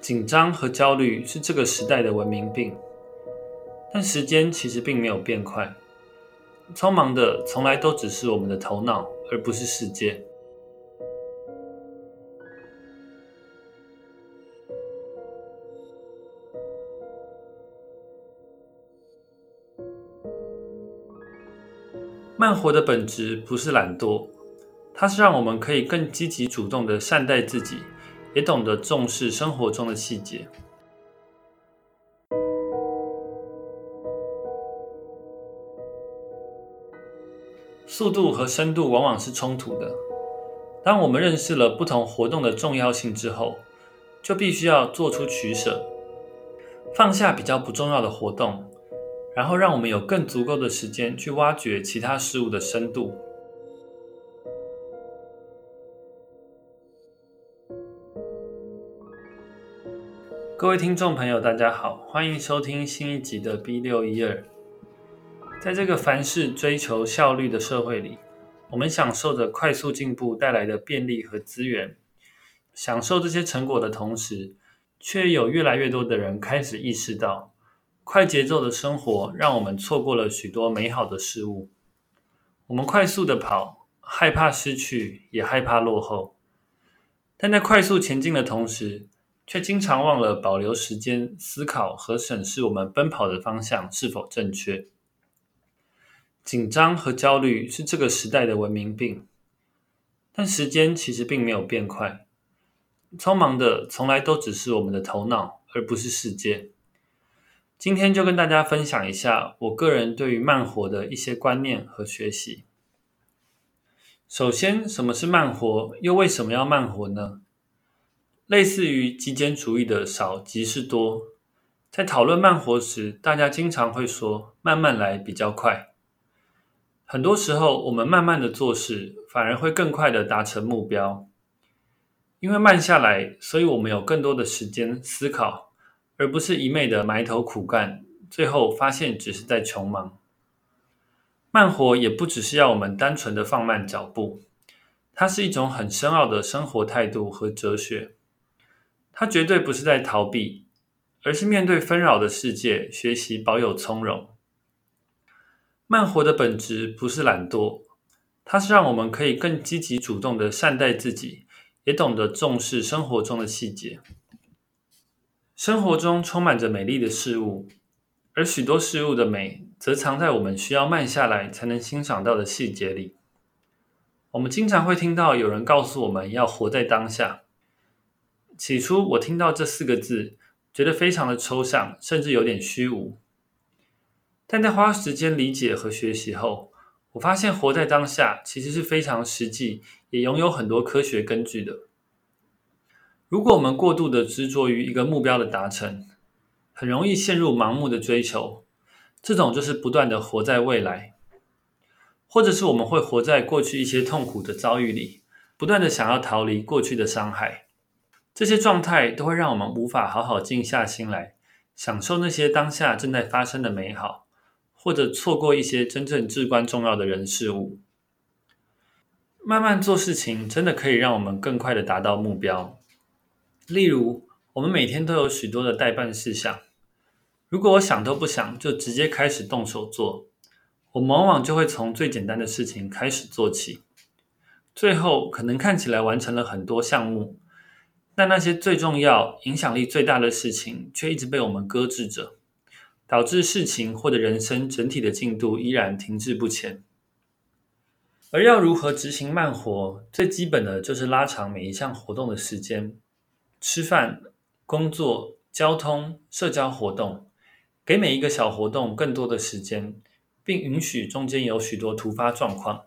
緊張和焦慮是這個時代的文明病，但時間其實並沒有變快。匆忙的從來都只是我們的頭腦，而不是世界。慢活的本質不是懶惰，它是讓我們可以更積極主動的善待自己。也懂得重視生活中的細節。速度和深度往往是衝突的。當我們認識了不同活動的重要性之後，就必須要做出取捨，放下比較不重要的活動，然後讓我們有更足夠的時間去挖掘其他事物的深度。各位聽眾朋友，大家好，歡迎收聽新一集的 B612。在這個凡事追求效率的社會裡，我們享受着快速進步帶來的便利和資源，享受這些成果的同時，卻有越來越多的人開始意識到，快節奏的生活讓我們錯過了許多美好的事物。我們快速地跑，害怕失去，也害怕落後，但在快速前進的同時，卻經常忘了保留時間思考和審視我們奔跑的方向是否正確。緊張和焦慮是這個時代的文明病，但時間其實並沒有變快。匆忙的從來都只是我們的頭腦，而不是世界。今天就跟大家分享一下我個人對於慢活的一些觀念和學習。首先，什麼是慢活？又為什麼要慢活呢？類似於極簡主義的少即是多，在討論慢活時，大家經常會說慢慢來比較快。很多時候，我們慢慢的做事，反而會更快的達成目標。因為慢下來，所以我們有更多的時間思考，而不是一昧的埋頭苦幹，最後發現只是在窮忙。慢活也不只是要我們單純的放慢腳步，它是一種很深奧的生活態度和哲學。它絕對不是在逃避，而是面對紛擾的世界，學習保有從容。慢活的本質不是懶惰，它是讓我們可以更積極主動的善待自己，也懂得重視生活中的細節。生活中充滿着美麗的事物，而許多事物的美，則藏在我們需要慢下來才能欣賞到的細節裡。我們經常會聽到有人告訴我們要活在當下。起初，我聽到這四個字，覺得非常的抽象，甚至有點虛無。但在花時間理解和學習後，我發現活在當下其實是非常實際，也擁有很多科學根據的。如果我們過度的執着於一個目標的達成，很容易陷入盲目的追求，這種就是不斷的活在未來。或者是我們會活在過去一些痛苦的遭遇裡，不斷的想要逃離過去的傷害。這些狀態都會讓我們無法好好靜下心來，享受那些當下正在發生的美好，或者錯過一些真正至關重要的人事物。慢慢做事情，真的可以讓我們更快地達到目標。例如，我們每天都有許多的待辦事項。如果我想都不想就直接開始動手做，我往往就會從最簡單的事情開始做起，最後可能看起來完成了很多項目。但那些最重要、影響力最大的事情，卻一直被我們擱置着，導致事情或者人生整體的進度依然停滯不前。而要如何執行慢活，最基本的就是拉長每一項活動的時間，吃飯、工作、交通、社交活動，給每一個小活動更多的時間，並允許中間有許多突發狀況。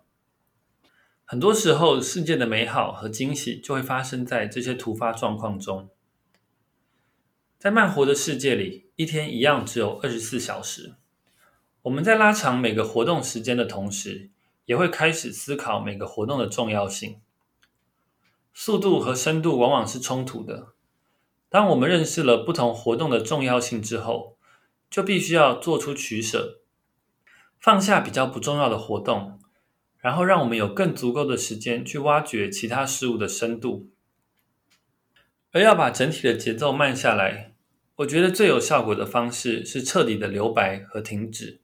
很多時候，世界的美好和驚喜就會發生在這些突發狀況中。在慢活的世界裡，一天一樣只有二十四小時。我們在拉長每個活動時間的同時，也會開始思考每個活動的重要性。速度和深度往往是衝突的。當我們認識了不同活動的重要性之後，就必須要做出取捨，放下比較不重要的活動。然後讓我們有更足夠的時間去挖掘其他事物的深度。而要把整體的節奏慢下來，我覺得最有效果的方式是徹底的留白和停止。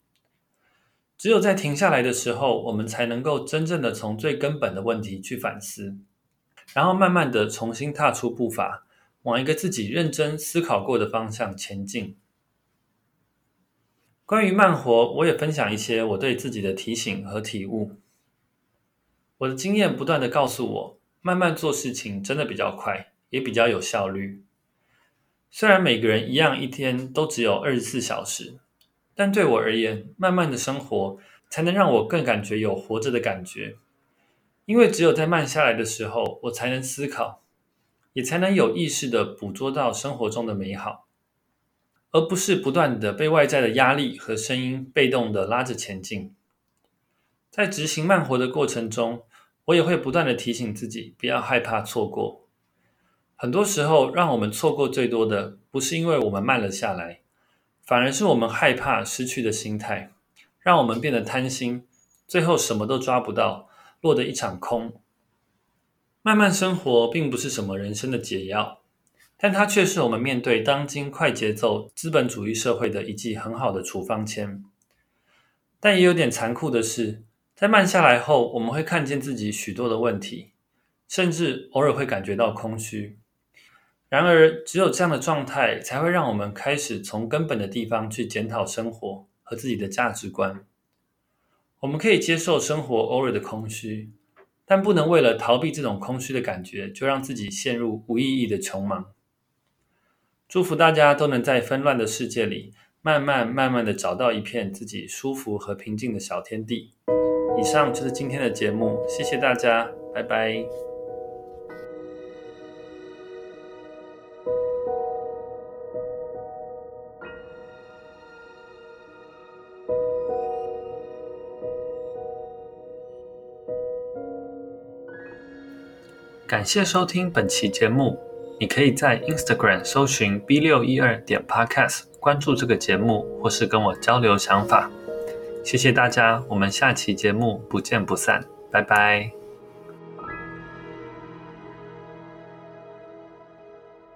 只有在停下來的時候，我們才能夠真正的從最根本的問題去反思，然後慢慢的重新踏出步伐，往一個自己認真思考過的方向前進。關於慢活，我也分享一些我對自己的提醒和體悟。我的經驗不斷地告訴我，慢慢做事情真的比較快，也比較有效率。雖然每個人一樣一天都只有二十四小時，但對我而言，慢慢的生活才能讓我更感覺有活着的感覺。因為只有在慢下來的時候，我才能思考，也才能有意識地捕捉到生活中的美好，而不是不斷地被外在的壓力和聲音被動地拉着前進。在執行慢活的過程中，我也會不斷地提醒自己，不要害怕錯過。很多時候，讓我們錯過最多的，不是因為我們慢了下來，反而是我們害怕失去的心態，讓我們變得貪心，最後什麼都抓不到，落得一場空。慢慢生活並不是什麼人生的解藥，但它卻是我們面對當今快節奏資本主義社會的一劑很好的處方籤。但也有點殘酷的是。在慢下來後，我們會看見自己許多的問題，甚至偶爾會感覺到空虛。然而，只有這樣的狀態，才會讓我們開始從根本的地方去檢討生活和自己的價值觀。我們可以接受生活偶爾的空虛，但不能為了逃避這種空虛的感覺，就讓自己陷入無意義的窮忙。祝福大家都能在紛亂的世界裡，慢慢慢慢地找到一片自己舒服和平靜的小天地。以上就是今天的節目，謝謝大家，拜拜。感謝收聽本期節目，你可以在 Instagram 搜尋 B612 點 Podcast 關注這個節目，或是跟我交流想法。謝謝大家，我們下期節目不見不散，拜拜。